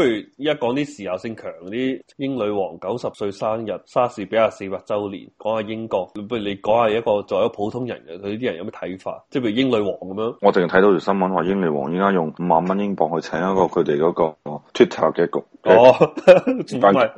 不如依家講啲時效性強啲，英女王九十歲生日，莎士比亞四百周年，講下英國。不如你講下一個作為一個普通人嘅佢啲人有咩睇法，即係譬如英女王咁樣。我淨係睇到條新聞話，英女王依家用五萬蚊英鎊去請一個佢哋嗰個 Twitter 嘅局。哦，唔係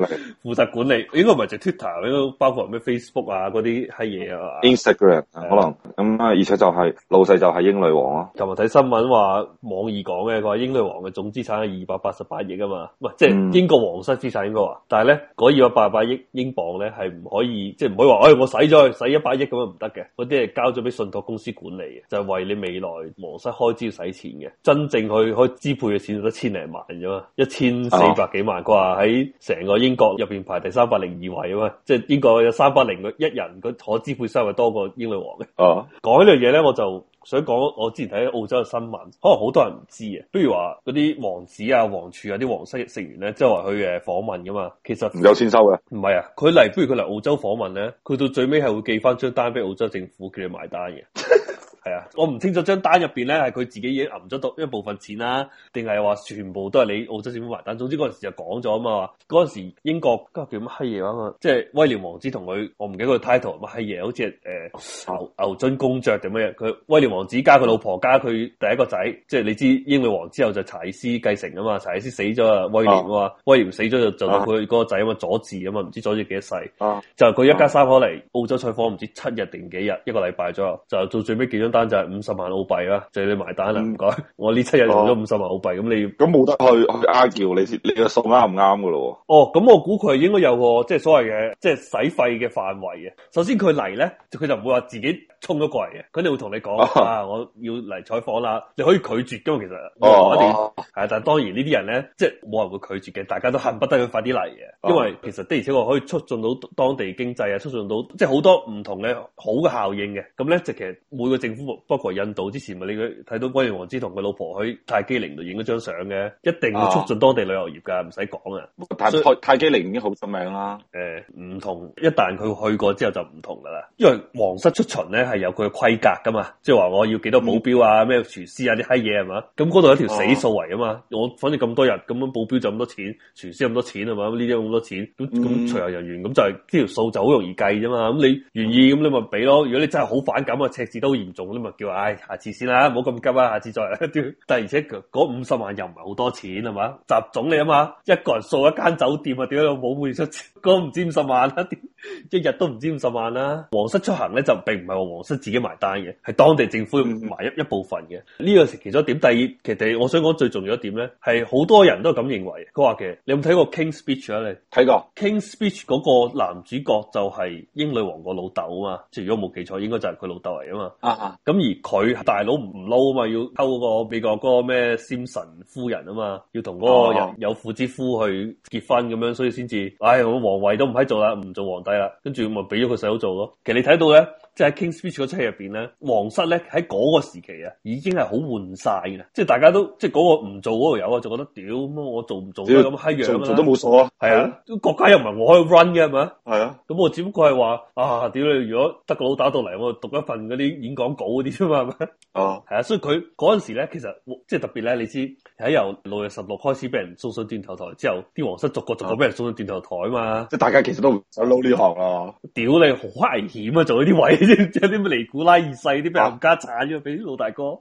負責管理，應該唔係直 Twitter，應該包括咩 Facebook 啊嗰啲係嘢啊嘛。Instagram、啊、可能咁啊，嗯、而且就係、是、老細就係英女王啊。琴日睇新聞話網易講嘅佢話，英女王嘅總資產係二百八十八億啊嘛，唔係即係英國皇室資產應該話，但係咧嗰二百八十八億英鎊咧係唔可以，即係唔可以話，哎我使咗，使一百億咁樣唔得嘅，嗰啲係交咗俾信託公司管理嘅，就係、是、為你未來皇室開支使錢嘅，真正去可以支配嘅錢得千零萬啫嘛，一千四百。1, 幾萬啩？喺成個英國入邊排第三百零二位啊？嘛，即係英國有三百零一人個可支配收入多過英女王嘅哦、， uh-huh。講呢樣嘢咧，我就想講，我之前睇澳洲嘅新聞，可能好多人唔知啊。譬如話嗰啲王子啊、王儲啊、啲王室成員咧，周圍去誒訪問噶嘛。其實有先收嘅，唔係啊。佢嚟，不如佢嚟澳洲訪問咧，佢到最尾係會寄翻張單俾澳洲政府，叫佢埋單嘅。係啊，我唔清楚張單入邊咧，係佢自己已經揞咗多一部分錢啦、啊，定係話全部都係你澳洲政府埋單？總之嗰陣時就講咗啊嘛，嗰陣時英國嗰個叫乜閪嘢嘛？即係威廉王子同佢，我唔記得佢 title 乜閪嘢，好似誒牛牛津公爵定乜嘢？佢威廉王子加佢老婆加佢第一個仔，即係你知英女王之後就柴斯繼承啊嘛，柴斯死咗啊，威廉啊嘛，啊威廉死咗就就到佢嗰個仔啊嘛，佐治啊嘛，唔知佐治幾多世啊？就係佢一家三口嚟澳洲採訪，唔知七日定幾日一個禮拜左右，就到最尾結咗。單就係五十萬澳幣啦，就借、是、你埋單啦。唔該、嗯， 我呢七日用咗五十萬澳幣，咁你要咁冇得去 argue 你？你個數啱唔啱嘅咯？哦，咁我估佢應該有個即係、就是、所謂嘅即係使費嘅範圍嘅。首先佢嚟咧，佢就唔會話自己衝咗過嚟嘅，佢哋會同你講啊，啊，我要嚟採訪啦。你可以拒絕嘅嘛，其實哦，係、啊，啊、但係當然呢啲人咧，即係冇人會拒絕嘅，大家都恨不得佢快啲嚟嘅，因為其實的而且確我可以促進到當地經濟啊，促進到即係、就是、好多唔同嘅好嘅效應嘅。咁咧，就其實每個政府。包括印度之前咪你睇到威廉王子同佢老婆去泰姬陵度影咗張相嘅，一定要促進當地旅遊業噶，唔使講啊。泰泰姬陵已經好出名啦。誒，唔、呃、同，一旦佢去過之後就唔同噶啦。因為皇室出巡咧係有佢嘅規格噶嘛，即係話我要幾多保鏢啊，咩廚、嗯、師啊啲閪嘢係嘛。咁嗰度有條死數圍啊嘛。我反正咁多日，咁樣保鏢就咁多錢，廚師咁多錢係、嗯嗯就是、嘛。呢啲咁多錢咁咁隨遊人員咁就係呢條數就好容易計啫嘛。咁你願意咁你咪俾咯。如果你真係好反感啊，感赤字都嚴重。咁咪叫唉、哎，下次先啦，唔好咁急啊！下次再啦。 但係而且嗰五十萬又唔係好多錢係嘛？集總你啊嘛，一個人掃一間酒店 啊，點解冇會出個唔知五十萬啦，點一日都唔知五十萬啦？皇室出行咧就並唔係皇室自己埋單嘅，係當地政府埋一一部分嘅。呢、嗯、個係其中一點。第二，其實我想講最重要一點咧，係好多人都係咁認為。佢話嘅，你有冇睇過《King Speech》啊？你睇過《King Speech》嗰個男主角就係英女王個老豆啊嘛，即係如果冇記錯，應該就係佢老豆嚟啊嘛。啊啊！咁而佢大佬唔嬲啊嘛，要偷嗰個美國嗰個咩辛普森夫人啊嘛，要同嗰個人有婦之夫去結婚咁樣，所以先至，唉、哎，我皇位都唔喺度做啦，唔做皇帝啦，跟住咪俾咗佢細佬做咯。其實你睇到嘅。即係 King Speech 嗰齣戲入邊咧，皇室咧喺嗰個時期啊，已經係好換晒嘅，即係大家都即係嗰個唔做嗰度有啊，就覺得屌咁我做唔做咁閪要樣做做啊？做做都冇所謂啊，係啊，國家又唔係我可以 run 嘅係咪啊？係啊，咁我只不過係話啊，屌你，如果德國佬打到嚟，我讀一份嗰啲演講稿嗰啲啫嘛，係咪啊？係啊，所以佢嗰陣時咧，其實即係特別咧，你知喺由六月十六開始俾人送上斷頭台之後，啲皇室逐個逐個俾人送上斷頭台啊嘛，啊即係大家其實都唔想撈呢行啊。屌你，好危險啊！做呢啲位。有啲咩尼古拉二世啲咩？冚家鏟咗俾老大哥，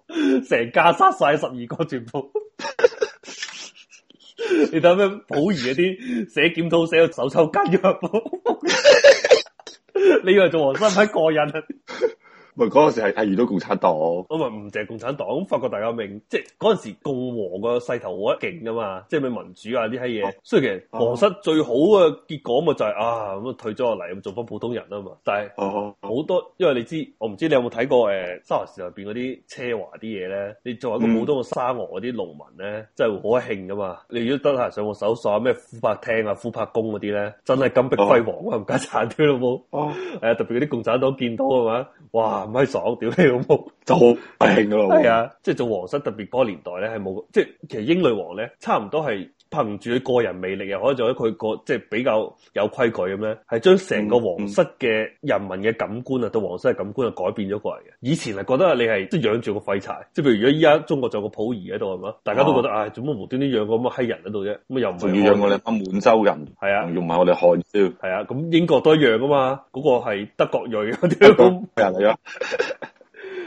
成家殺晒十二個全部。 你睇咩溥儀嗰啲寫檢討寫到手抽筋咗。 你以為做皇室咪過癮啊？ 唔係嗰陣時係係遇到共產黨，唔淨係共產黨，發覺大革命即係嗰陣時共和個勢頭好一勁噶嘛，即係咩民主啊呢啲嘢？所以、啊、其實皇室最好嘅結果咪就係、是、啊咁退咗落嚟咁做翻普通人啊嘛，但係好多因為你知，我唔知你有冇睇過誒、呃、沙俄時入邊嗰啲奢華啲嘢咧，你作為一個普通嘅沙俄嗰啲農民咧，嗯、真係好得興噶嘛！你如果得閒上網搜索咩琥珀廳啊、琥珀宮嗰啲咧，真係金碧輝煌啊，啊，冚家鏟啲老母，特別嗰啲共產黨見到係嘛，哇！哇啊咁係爽，屌你老母，就好平噶咯。係啊，即係做皇室特別嗰個年代咧，係冇，即係其實英女王咧，差唔多係。憑住佢個人魅力，又可以做到佢個即係比較有規矩咁咧，係將成個皇室嘅人民嘅感官啊，對、嗯嗯、皇室嘅感官啊改變咗過嚟嘅。以前係覺得你係即係養住個廢柴，即係譬如如果依家中國仲有個溥儀喺度係嘛，大家都覺得啊，做乜無端端養個咁嘅閪人喺度啫？咁又唔係，仲要養我哋乜滿洲人，係啊，用埋我哋漢朝。係啊，咁英國都一樣啊嘛，嗰、那個係德國裔嗰啲咁。咩 人嚟啊？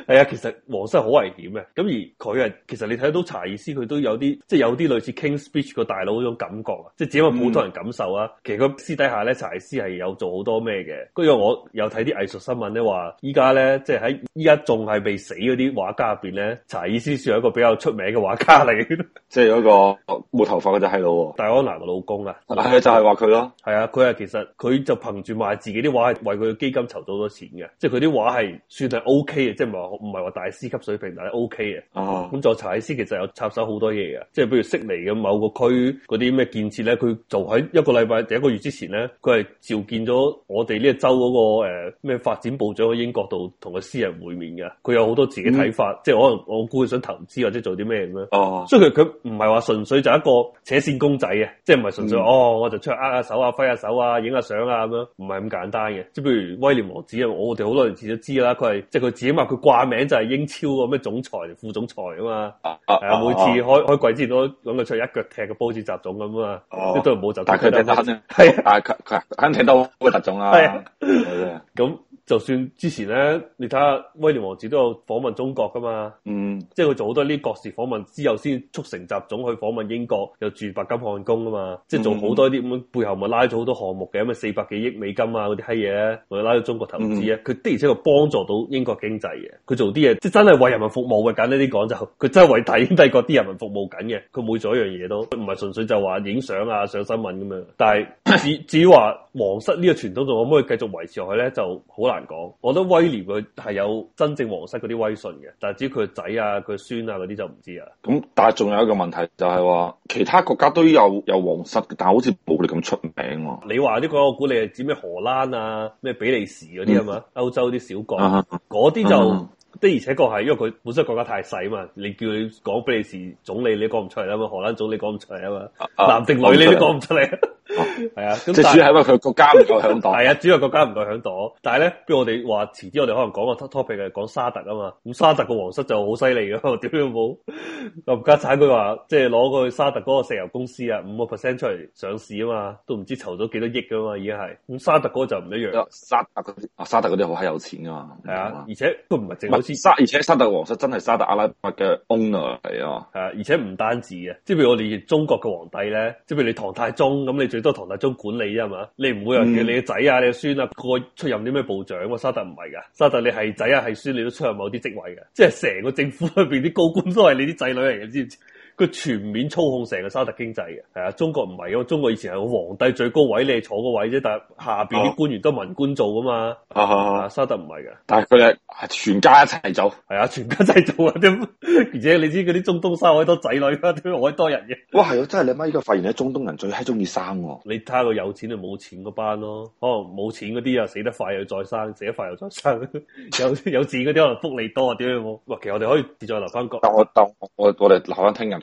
係啊，其實王室好危險嘅，咁而佢啊，其實你睇到查爾斯佢都有啲，即係有啲類似 King Speech 個大佬嗰種感覺啊，即係只係普通人感受啊。嗯、其實佢私底下咧，查爾斯係有做好多咩嘅。跟住我有睇啲藝術新聞咧，話依、就是、家咧，即係喺依家仲係未死嗰啲畫家入邊咧，查爾斯算係一個比較出名嘅畫家嚟嘅，即係嗰個冇頭髮嘅就係咯。戴安娜個老公啊？係就係話佢咯。係啊，佢係其實佢就憑住賣自己啲畫係為佢嘅基金籌到好多錢嘅，即係佢啲畫係算係 OK 嘅，即係唔係唔係話大師級水平，但係 O K 嘅。哦，咁做查理斯其實有插手好多嘢嘅，即係譬如悉尼嘅某個區嗰啲咩建設咧，佢做喺一個禮拜、第一個月之前咧，佢係召見咗我哋呢個州嗰個誒咩發展部長喺英國度同個私人會面嘅。佢有好多自己睇法，即係可能我估佢想投資或者做啲咩咁樣。哦，所以佢佢唔係話純粹就一個扯線公仔嘅，即係唔係純粹哦，我就出去握下手啊、揮下手啊、影下相啊咁樣，唔係咁簡單嘅。即係譬如威廉王子啊，我哋好多年前都知啦，佢係即係佢自己話佢掛。名就係英超嗰咩總裁、副總裁啊嘛，係啊，啊啊每次開開季之前都諗個出一腳踢個波子雜種咁啊，哦，都係冇就，但係佢踢得肯係，啊，佢佢肯定到會雜種啊，咁。鯭的就算之前咧，你睇下威廉王子都有訪問中國噶嘛，嗯，即係佢做好多呢啲國事訪問，之後先促成習總去訪問英國，又住白金漢宮啊嘛，即係做好多啲咁，嗯嗯嗯、背後咪拉咗好多項目嘅，咁啊四百幾億美金啊嗰啲閪嘢，咪拉咗中國投資啊，佢、嗯、的而且確幫助到英國經濟嘅，佢做啲嘢即真係為人民服務嘅，簡單啲講就佢真係為大英帝國啲人民服務緊嘅，佢每做一樣嘢都佢唔係純粹就話影相啊上新聞咁樣，但係只至於話皇室呢個傳統仲可唔可以繼續維持落去咧，就好難。難講，我覺得威廉佢係有真正皇室嗰啲威信嘅，但係至於佢個仔啊、佢孫啊嗰啲就唔知啊。咁但係仲有一個問題就係話，其他國家都有有皇室，但係好似冇你咁出名。你話呢、這個，我估你係指咩荷蘭啊、咩比利時嗰啲啊嘛？歐、嗯、洲啲小國，嗰啲、嗯、就的而且確係，因為佢本身國家太細嘛。你叫你講比利時總理，你講唔出嚟啊嘛？荷蘭總理講唔出嚟啊嘛？男定女你都講唔出嚟。係啊，即係主要係因為佢國家唔夠響度，係 啊，主要國家唔夠響度。但係咧，不如我哋話遲啲，遲我哋可能講個 topic 嘅，講沙特啊嘛。咁沙特個皇室就好犀利噶，點樣冇。咁加產佢話，即係攞佢沙特嗰個石油公司啊，五個 percent 出嚟上市啊嘛，都唔知籌咗幾多億噶嘛，已經係。咁沙特嗰就唔一樣沙，沙特嗰啲啊，沙特啲好係有錢噶嘛。係啊，而且佢唔係淨沙而且沙特皇室真係沙特阿拉伯嘅 owner 係啊，係、啊、而且唔單止啊。即係譬如我哋中國嘅皇帝咧，即係譬如你唐太宗咁，你最。都係唐太宗管理啊嘛，你唔會有人叫你嘅仔啊、你嘅孫啊過出任啲咩部長？我沙特唔係噶，沙特你係仔啊係孫，你都出任某啲職位㗎，即係成個政府裏邊啲高官都係你啲仔女嚟嘅，知唔知？佢全面操控成個沙特經濟嘅，係啊！中國唔係啊，中國以前係個皇帝最高位，你坐個位啫，但係下邊啲官員都民官做噶嘛啊啊。啊，啊啊沙特唔係嘅，但係佢係全家一齊做，係啊，全家製做。啊！點？而且你知嗰啲中東生好多仔女啊，啲好多人嘅、啊。哇、哦，係真係你媽！依家發現咧，中東人最係中意生喎、啊。你睇下個有錢就冇錢嗰班咯、啊。可能冇錢嗰啲啊，死得快又再生，死得快又再生。 有有錢嗰啲可能福利多啊，點樣？哇！其實我哋可以再留翻講。我但我我哋留翻聽人。